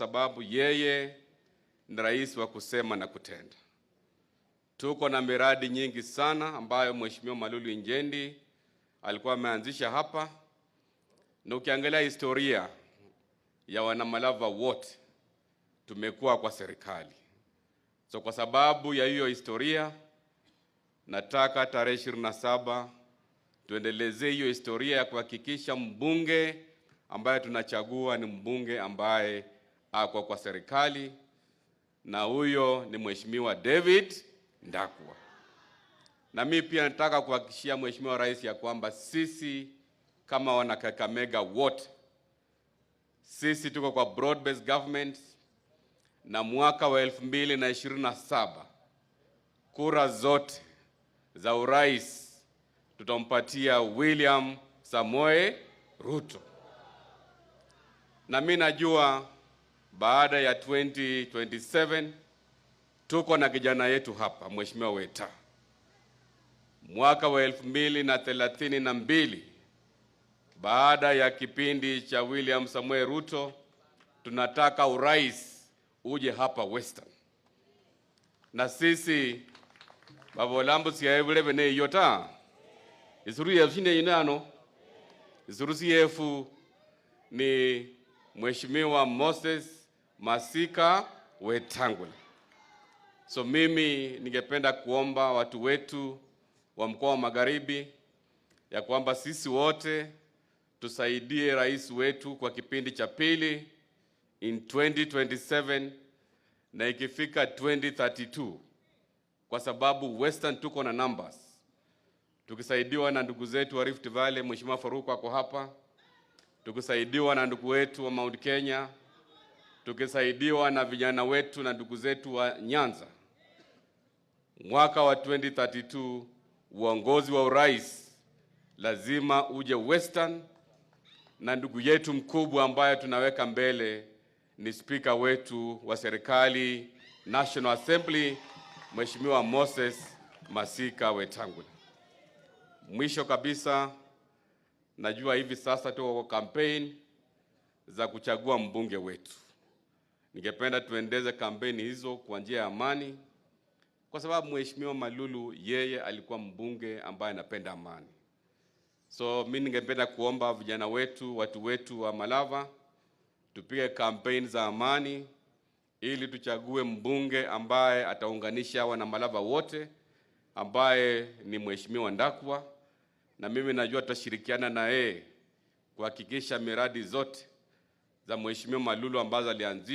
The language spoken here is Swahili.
sababu yeye ni rais wa kusema na kutenda. Tuko na miradi nyingi sana ambayo Mheshimiwa Malulu Injendi alikuwa ameanzisha hapa, na ukiangalia historia ya wanamalava wote tumekuwa kwa serikali. So kwa sababu ya hiyo historia, nataka tarehe ishirini na saba tuendelezee hiyo historia ya kuhakikisha mbunge ambaye tunachagua ni mbunge ambaye ako ah, kwa serikali na huyo ni Mheshimiwa David Ndakwa. Na mimi pia nataka kuhakikishia Mheshimiwa Rais ya kwamba sisi kama wana Kakamega wote sisi tuko kwa broad based government, na mwaka wa elfu mbili na ishirini na saba kura zote za urais tutampatia William Samoe Ruto, na mimi najua baada ya 2027 tuko na kijana yetu hapa, Mheshimiwa Weta. Mwaka wa elfu mbili na thelathini na mbili baada ya kipindi cha William Samuel Ruto, tunataka urais uje hapa Western, na sisi bavolambu siaevulevene iyo ta isuru yefu chineyinano isuru ni Mheshimiwa Moses Masika Wetang'ula. So mimi ningependa kuomba watu wetu wa mkoa wa Magharibi ya kwamba sisi wote tusaidie rais wetu kwa kipindi cha pili in 2027 na ikifika 2032 kwa sababu Western tuko na numbers, tukisaidiwa na ndugu zetu wa Rift Valley, Mheshimiwa Faruku ako hapa, tukisaidiwa na ndugu wetu wa Mount Kenya tukisaidiwa na vijana wetu na ndugu zetu wa Nyanza. Mwaka wa 2032 uongozi wa urais lazima uje Western, na ndugu yetu mkubwa ambaye tunaweka mbele ni spika wetu wa serikali National Assembly, Mheshimiwa Moses Masika Wetangula. Mwisho kabisa, najua hivi sasa tuko kwa campaign za kuchagua mbunge wetu. Ningependa tuendeze kampeni hizo kwa njia ya amani, kwa sababu mheshimiwa Malulu yeye alikuwa mbunge ambaye anapenda amani. So mi ningependa kuomba vijana wetu, watu wetu wa Malava, tupige kampeni za amani ili tuchague mbunge ambaye ataunganisha Malava wote, ambaye ni mheshimiwa Ndakwa, na mimi najua tutashirikiana na yeye kuhakikisha miradi zote za mheshimiwa Malulu ambazo alianzisha